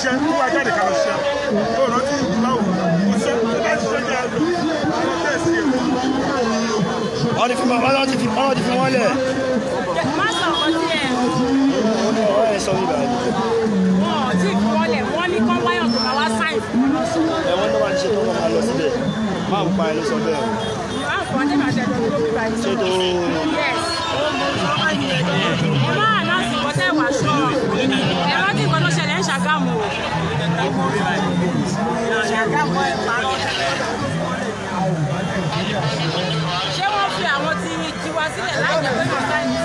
ṣiṣẹ́ kó wá jáde ká lọ ṣiṣẹ́ ó rántí báwo kò ṣe láti ṣiṣẹ́ jẹ́ àlọ́ àwọn tẹ̀sí ẹ̀. wọ́n ti fi wọ́n ti fi wọ́n ti fi wọ́n lẹ̀. má sọ ọkàn sí ẹ. wọ́n ní ọ̀rọ̀ ẹ̀ sọ wíwá ẹ̀. wọn ò tí ì fi wọ́n lẹ̀ wọ́n ní kán wáyọ̀ tó máa wá sáì fún wọn lọ sí. ẹ wọ́n ní wàá ṣe tó wọ́n máa lọ síbẹ̀ máa ń pa ẹ ló sọ bẹ́ẹ̀ o. máa ń pọ̀ ní màá ṣẹ̀dọ̀ tó bí báyìí. ṣé tó o. yẹ́sì. ẹ máa náà sì kọ́ tẹ́ wàá ṣọ́ọ̀. Ṣàgámù o Ṣàgámù ẹ parọ́ ṣé wọ́n fi àwọn tí tiwa sílẹ̀ láìjẹ́ pé wọ́n sáyẹn.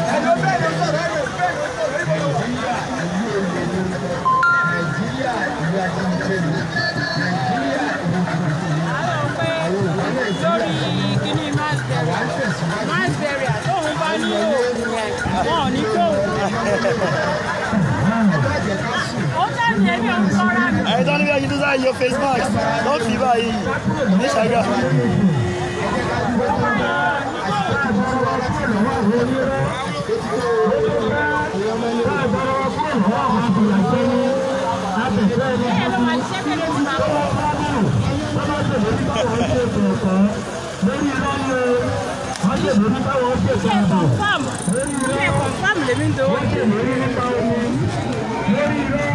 wọ́n ò ní tóun ẹ̀yin tó ní bẹ́ẹ̀ yíjú sáà yọ face mask lọ́ọ́ fi báyìí ní ṣàgà. lórí ìrọ́lẹ́ wọ́n ṣe lórí báwọn ṣe kọ́ńtàmù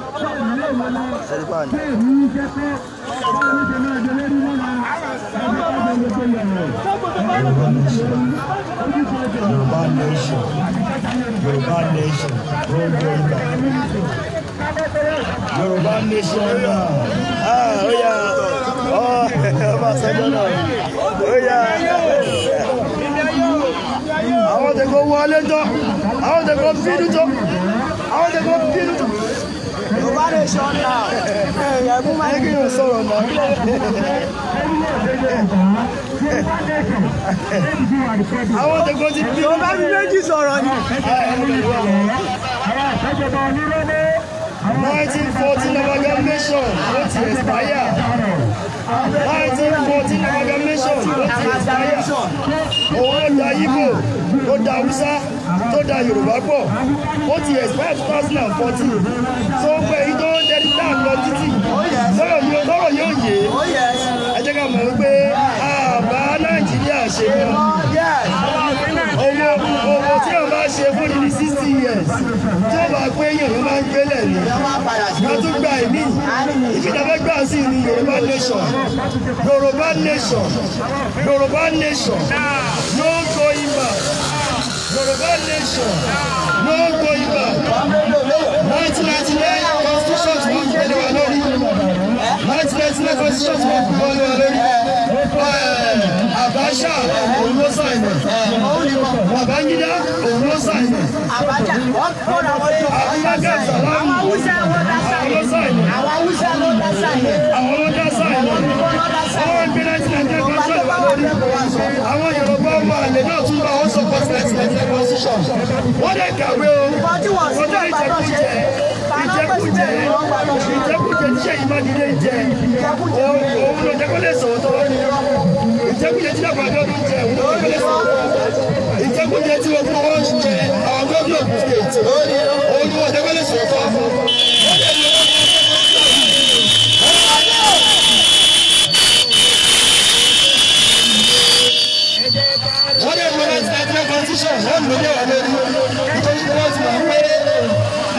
ìlú èwo ni pé èmi ń jẹ́ pé báwo ni ṣe Yorùbá nation Yorùbá nation gbogbo ìgbà Yorùbá nation náà ah ó yà ọ ẹ bá sọjọ náà ó yà àwọn tẹ̀kọ̀ wọlé tán àwọn tẹ̀kọ̀ bínú tán àwọn tẹ̀kọ̀ bínú tán. Yorùbá nation now. Ẹ̀yà mú máa ń kí n sọ̀rọ̀ náà. Àwọn tẹ̀gbọ́n ti bí. Yorùbá méjì sọ̀rọ̀ ni. onírọ́lẹ́. 1914 amalgamation ló ti expire 1914 amalgamation ló ti expire òun ló da Igbo ló da Hausa tó da Yorùbá pọ̀ ó ti expire 2014 tó ń pẹ́ yìí tó ń dẹ́ni tá a lọ títì lọ́rọ̀ yóò yé ẹ jẹ́ ká mọ̀ wípé àbá Nàìjíríà ṣe mọ́ ṣe fún ní sixty years tí ó bá pé Yorùbá máa ń gbélé ni wọ́n tún gba ìmí ìfìdábẹ́ gbà sí ni Yorùbá nation Yorùbá nation Yorùbá nation no going back Yorùbá nation no going back nineteen ninety nine constitution ti wọ́n gbélé wa lórí nineteen ninety nine constitution ti wọ́n gbélé wa lórí. àwọn awúsá ló dá sáyé àwọn awúsá ló dá sáyé àwọn ló dá sáyé àwọn ló dá sáyé àwọn ìpínlẹ̀ tí nàìjíríà kan sọ̀rọ̀ wà lórí àwọn yorùbá ọmọ àlè náà tún bá wọn sọ pọtẹ́tì ẹ̀jẹ̀ pọ́síṣọ̀ wọ́n lè kàwé o wọ́n dá ìjẹkújẹ ìjẹkújẹ ìjẹkújẹ tíṣẹ́ ìmágídé jẹ òun ló jẹ́ kó lè sọ̀rọ̀ tó wọ́n ní ìjẹkújẹ tí àwọn àjọ ń jẹ òun ló lè sọ ìjẹkújẹ tí wọn fọwọ́ ń jẹ àwọn gómìnà Ògùn state òun ni wọn dẹ́gbẹ́lẹ́ sọ̀tọ̀ wọ́n dẹ̀ lọ́wọ́ ti ẹgbẹ́ constitution wọ́n lò ní ọ̀rẹ́ rí nítorí wọ́n ti wà pẹ́rẹ́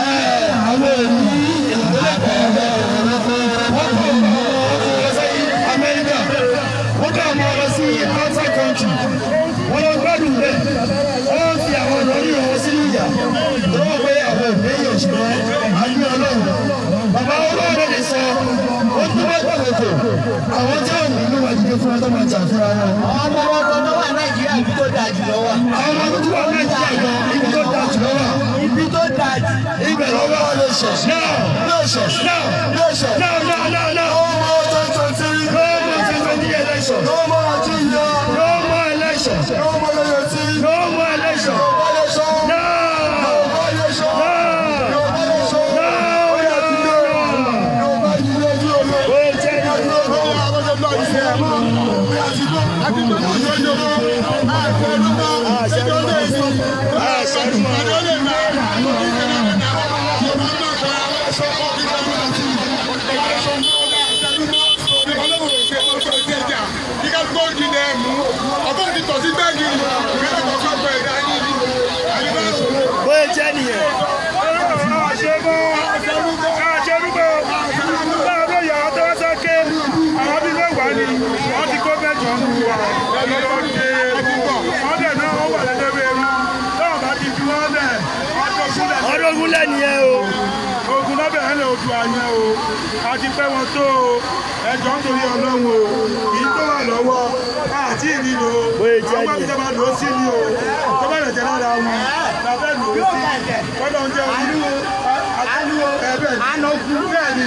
so ẹjọ́ nítorí ọlọ́run o kìí tó wà lọ́wọ́ àti ìrìnà àwọn ìjọba lò sí ni o tó bá lẹ̀jẹ̀ lára wọn lábẹ́ lò ó sí kọ́dọ̀ ń jẹun ẹ̀bẹ̀ ni.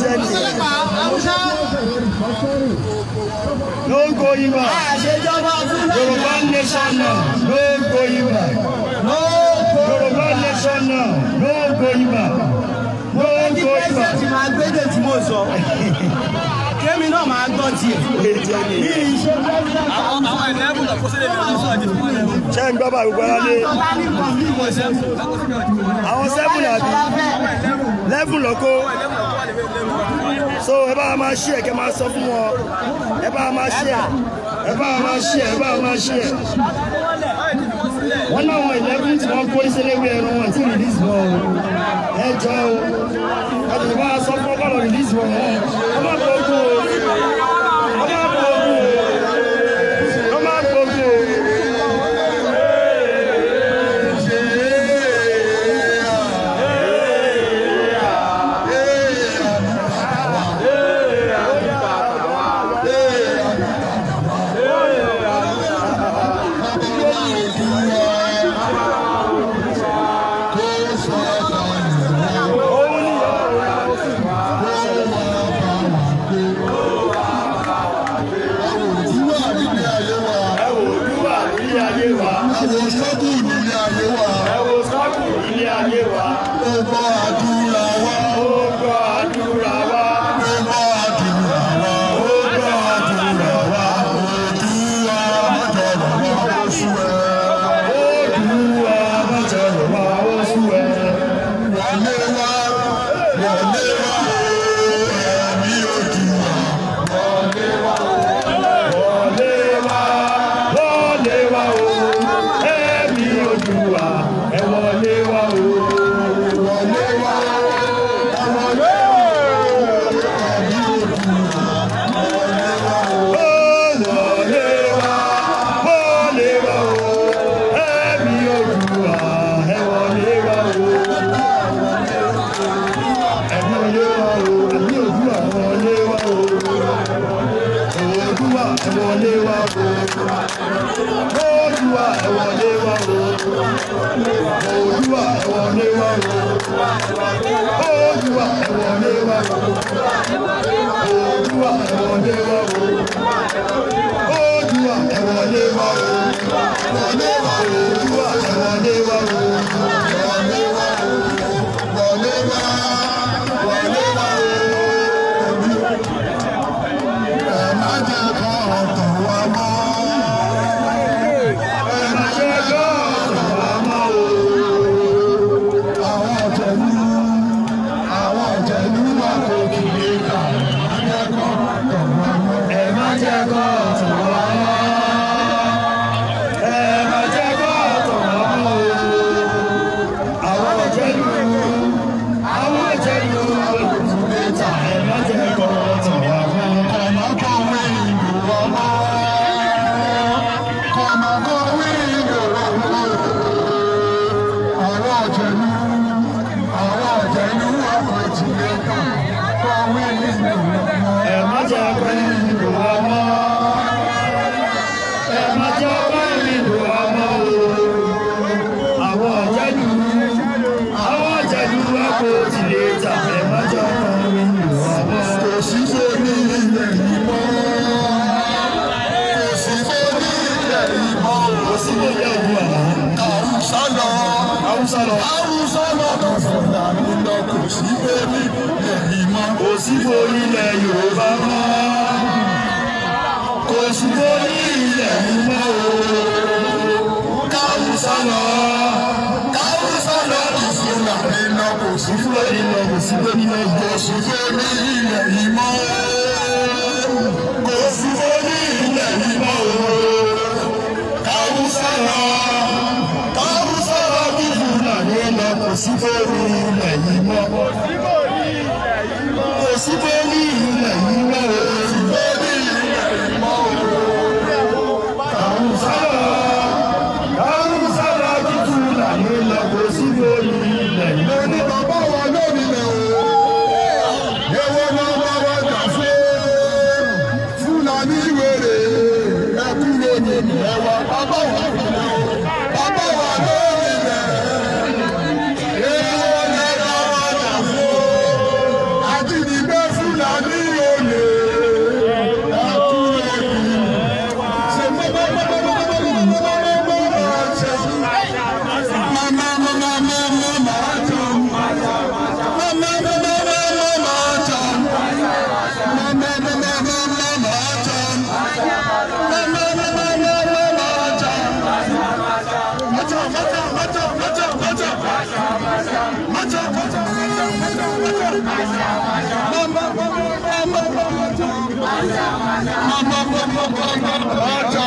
jẹ́ nìyẹn. no going yorùbá nation now no going back. yorùbá nation now no going back. no going back. mo ní pẹ́sẹ̀tì máa tí mo sọ kémi náà máa gbọ́ tiẹ̀. àwọn ẹ̀lẹ́bùn lọ kó sílẹ̀ ní ọ̀sán àti fún ẹ̀lẹ́bùn. ṣé ń gbọ́ bá gbogbo ara lé. àwọn sẹ́bùn àbí lẹ́bùn lọ́kọ́ so ẹ bá wa máa ṣí ẹ kẹ máa sọ fún wọn ẹ bá wa máa ṣí ẹ ẹ bá wa máa ṣí ẹ ẹ bá wa máa ṣí ẹ wọn náà wọn eleven tí wọn kó iṣẹ́ léwu ẹran wọn tí release wọn o ẹ jọ o ẹ tètè bá wa sọ fún ọgbọnọ release wọn o Super League. Aç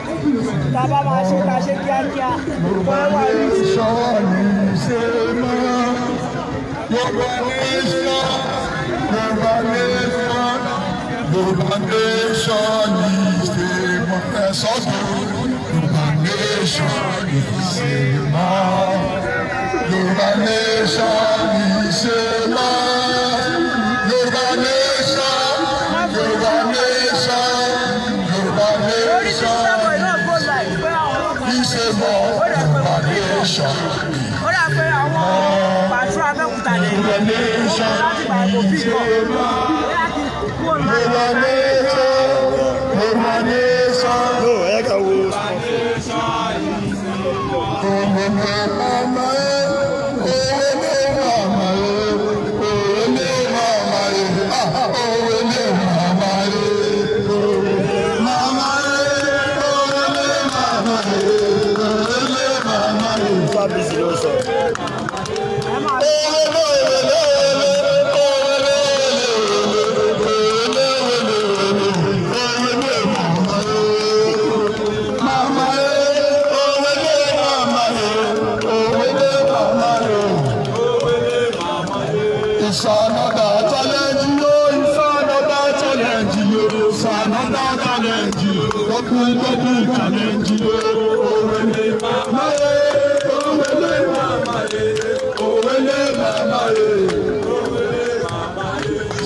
Tá pra c'est nation is nation is ó dà pé àwọn pàtó abẹ́kúta lẹ̀ ó kọ́ láti gbàgbọ́ bí kan ó yà kí kúrò náà.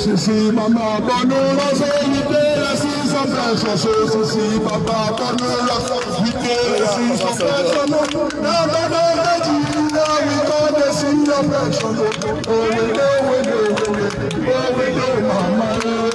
òṣìṣì màmá bọ́nú rọ́ṣẹ́ wípé ẹ̀sì sọ́fẹ́ ṣọṣẹ́ òṣìṣì bàbá bọ́nú rọ́ṣẹ́ wípé ẹ̀sì sọ́fẹ́ ṣọṣẹ́ lábọ́dọ́ méjì ilé wíkọ́ dé sí ọ̀fẹ́ ṣọṣẹ́ òwe lówó lówó lówó lówó màmá rẹ̀.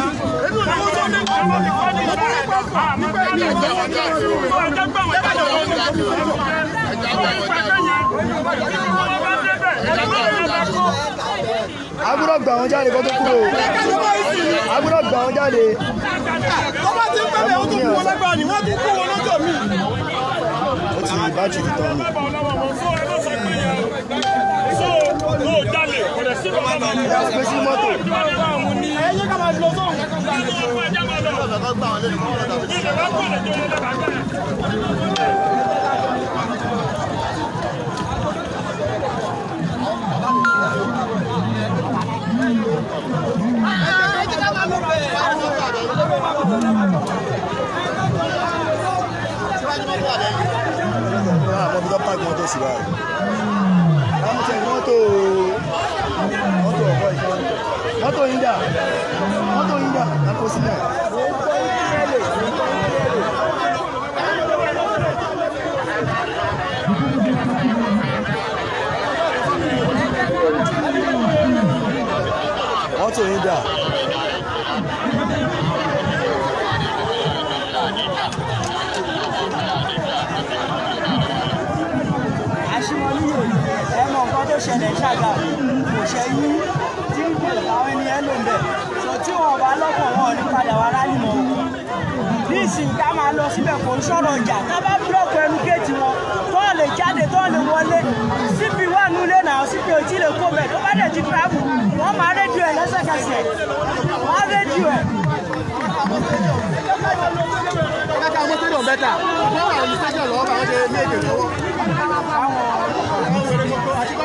agbúdọ̀ gbà wọn jáde kó tó kúrò agbúdọ̀ gbà wọn jáde. ọba ti ń pẹ́lẹ̀ ó tún kú wọn lágbára ni wọ́n tún kú wọn lọ́jọ́ mi. ó ti bá jù tán ni. so o jalè kò lè sí bàbá mi. ẹ ẹ pèsè mọ́tò ẹyẹ ká máa lọ sóhun mọ́tò sí dà mọ́tò yín yòó ẹ mọ nǹkan tó ṣẹlẹ̀ ṣáàgà kò ṣẹ́yìn tí kò láwọn ẹni ẹ lò ń bẹ̀ tí wọn bá lọ́kàn wọn ò ní padà wá rálì mọ́ nísìnyí ká máa lọ síbẹ̀ kò ń sọ̀rọ̀ ọjà tá bá búlọ́ọ̀kù ẹnu géètì wọn tó lè jáde tó lè wọlé síbi wà núlé náà síbi òtí lè kó bẹ̀ tó bá dẹ̀ ti tíráàbù wọ́n máa rédíò ẹ̀ lẹ́sẹ̀kẹsẹ̀ wọ́n á rédíò ẹ̀. káká ọmọ sẹ́dọ̀ bẹ́tà wọ́n wà ní sẹ́dọ̀ lọ́wọ́ bá wọ́n ṣe méje lọ́wọ́.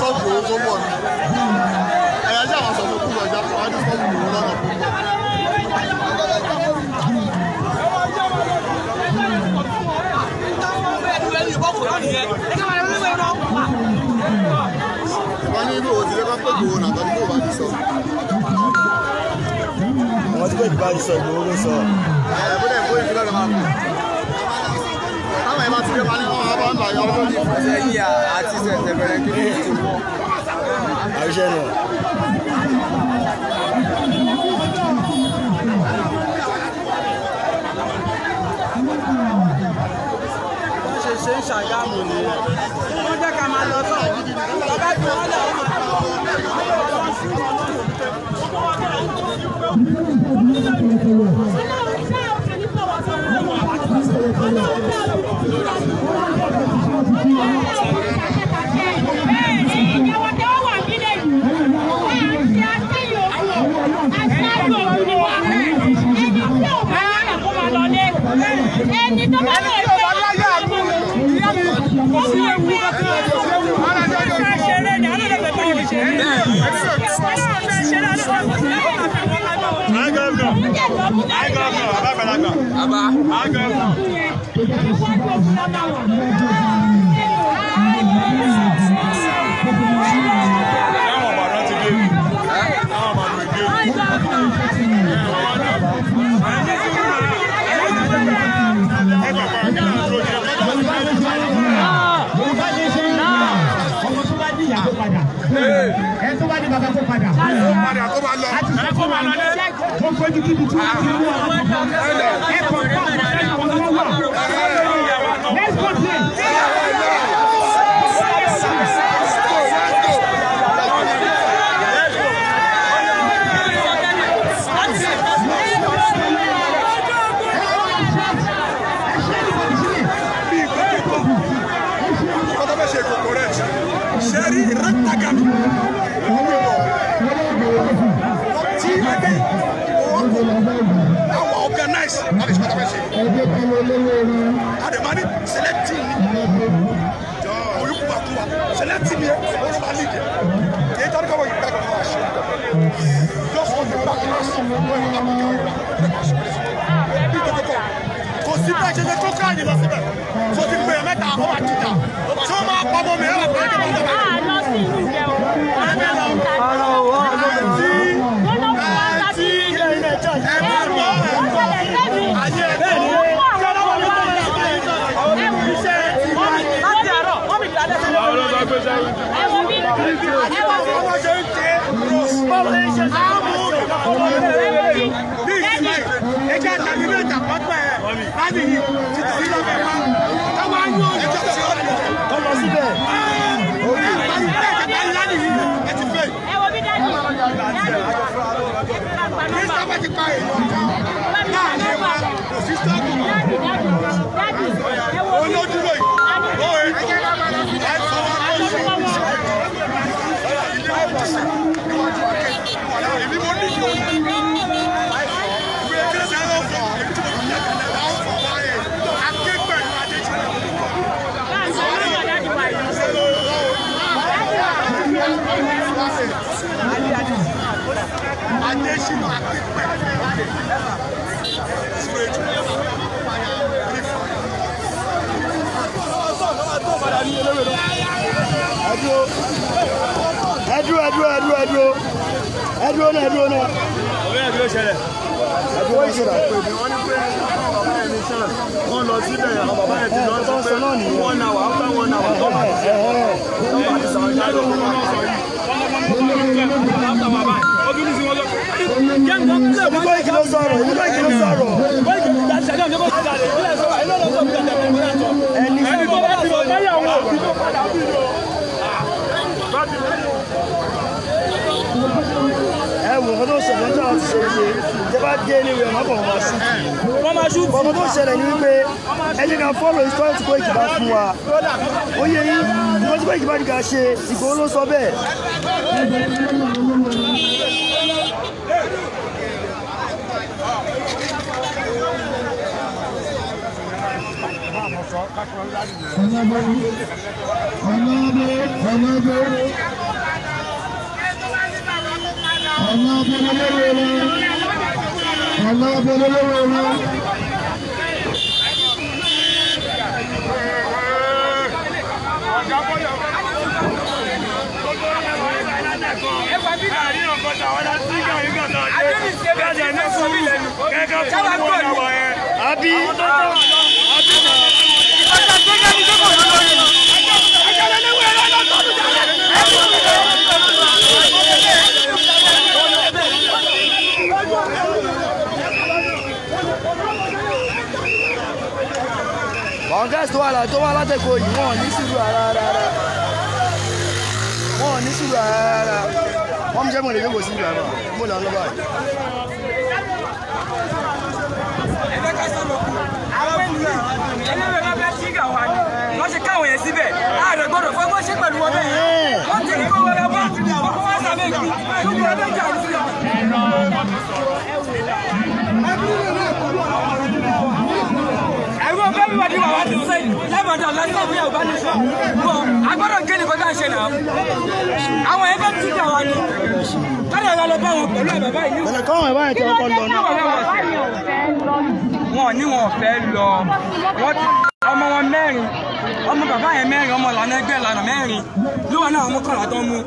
sọ́ọ̀bù owó tó ni ẹ̀yà jẹ́ àwọn sọ̀rọ̀ kúrò ọjà fún wa ní sọ́ọ̀bù owó lọ́nà tó wọ́n ní ibi òtí lẹ́kọ́ pé gbòòrò nàtọ́ ní kò bá sọ. àwọn tí kò bá ti sọ ìgbòho ló sọ. ẹ̀ ìfúnná lọ́ máa ẹ̀ bá ti rí ọba ní wọn bá ń bà yọ ọdún Baba. I go. 来，来，来。àjẹjẹ tó káàdì lọ síbẹ̀ tó ti pè mẹ́ta ó wà jìjà tí wọ́n máa mi ẹ̀rọ àpẹẹrẹ kí wọ́n tẹ̀ bá. t a y nation of ẹdúró ẹdúró ẹdúró ẹdúró ẹdúró náà ẹdúró náà. ọ̀rẹ́ ẹ̀dúró ṣẹlẹ̀. ẹdúró ṣẹlẹ̀. wọ́n ní pé bàbá yẹn ní sẹ́lẹ̀ wọ́n lọ síbẹ̀ bàbá yẹn ti lọ sọ pé wọ́n náà wà á fẹ́ wọ́n náà wà á tọ́ bàtà. ìbúkọ́ ìkìlọ̀ sọ̀rọ̀ ìbúkọ́ ìkìlọ̀ sọ̀rọ̀. ẹni tó bá sọ báyà wọn òbí tó padà bí lọ. ẹ wò ó tó ṣẹlẹ̀ náà ti ṣe ṣe ìjọba dé ní ìwé ọmọkùnrin wọn sí. wọ́n máa ṣú. ọmọ tó ṣẹlẹ̀ ní wípé ẹ jẹ́ ká fọ́lọ̀ ìsọ́ọ̀tì kó ìjìbá fún wa. ó yẹ yín ìmọ̀síkó ìjìbá ni ká ṣe Ìgbòho ló sọ bẹ́ẹ̀. Abi ọ̀gáàsì wà láti tó wà látẹ̀kọ̀ yìí wọ́n ní sùúrù rárá wọ́n ní sùúrù rárá wọ́n jẹ́ mọ̀lẹ́bí kò sí ìlú àná mo lọ lọ́ba yìí. ẹgbẹ́ ká sọ̀rọ̀ kù àwọn ènìyàn ẹgbẹ́ bá bẹ́ẹ̀ wọ́n ṣe káwọn yẹn síbẹ̀ ààrẹ gbọ́dọ̀ fẹ́ wọ́n ṣe pẹ̀lú wọn bẹ́ẹ̀ wọ́n ti ní kó wọn lọ bá wọ́n wá sàmì ìlú ṣùgbọ́n ẹgbẹ́ jà ń sílẹ̀. ẹ̀rọ bẹ́ẹ̀ bí wàá di wàá ti sẹ́yìn lẹ́mọ̀dọ̀ lọ́sọ̀ fún yàrá ìbáni sọ bọ̀ agbọ́dọ̀ gé ni kọ́tà ṣe náà àwọn ẹgbẹ́ ti jà wá ní kọ́tà ìwà lọ bá pẹ̀lú ẹ̀ bàbá ìlú. ọmọ wọn mẹ́rin ọmọ bàbá yẹn mẹ́rin ọmọ ìlànà ẹgbẹ́ ìlànà mẹ́rin ló náà ọmọ kọ̀ọ̀lá tó ń mú